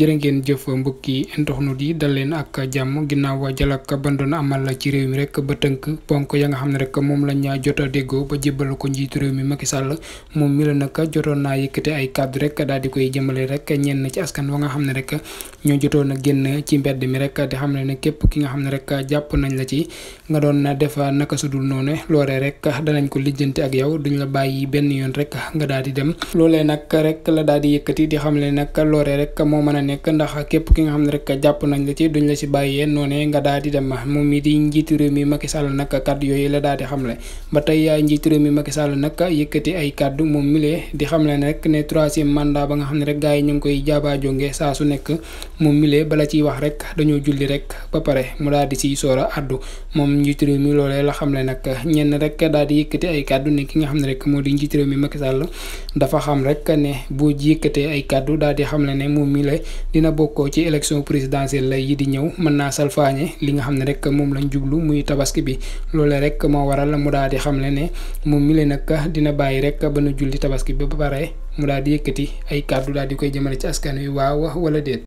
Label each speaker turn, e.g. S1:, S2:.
S1: jërë ngeen jëf mbokki internet di dal leen ak jàmm ginnaaw jalak ban doon amal ci réew mi rek ba tënk ponk ya nga xam ne rek moom lañ jot a déggoo ba jébbal ko njiitu réew mi Macky Sall moom mi la nag jotoon naa yëkkate ay cadre rek daal di koy jëmale rek ñenn ci askan wa nga xam ne rek ñoo jotoon a génn ci mbedd mi rek di xam ne ne képp ki nga xam ne rek jàpp nañ la ci nga doon def naka dul noonu loolee rek danañ ko lijjanti ak yow duñ la bàyyi benn yoon rek nga daal di dem loolee nag rek la daal di yëkkati di xam ne nag rek moo mën nekk ndax képp ki nga xam ne rek jàpp nañ la ci duñ la ci bàyyee noonee nga daal di dem moom mi di njiitu réew mi Macky Sall nag kàddu yooyu la daal di xamle ba tey ah, njiitu mi Macky Sall nag yëkkati ay kàddu moom milee di xamle ne rek ne troisième mandat ba nga xam ne rek gars yi ñu ngi koy jaaba jonge saa su nekk moom milee bala ciy wax rek dañoo julli rek ba pare mu daal di siy soora addu moom njiitu réew mi loolee la xamle nag ñenn rek daal di yëkkati ay kàddu ne ki nga xam ne rek moo di njiitu mi Macky Sall dafa xam rek ne bu yëkkatee ay kàddu daal di xam xamle ne moom mi la dina bokkoo ci élection présidentielle yi di ñëw mën naa salfaañe li nga xam ne rek moom lañ jublu muy tabaski bi loole rek moo waral mu daal di xamle ne moom mi leen nag dina bàyyi rek ba nu julli tabaski bi ba pare mu daal di yëkkati ay kàddu daal di koy jëmale ci askan wi waaw wala déet.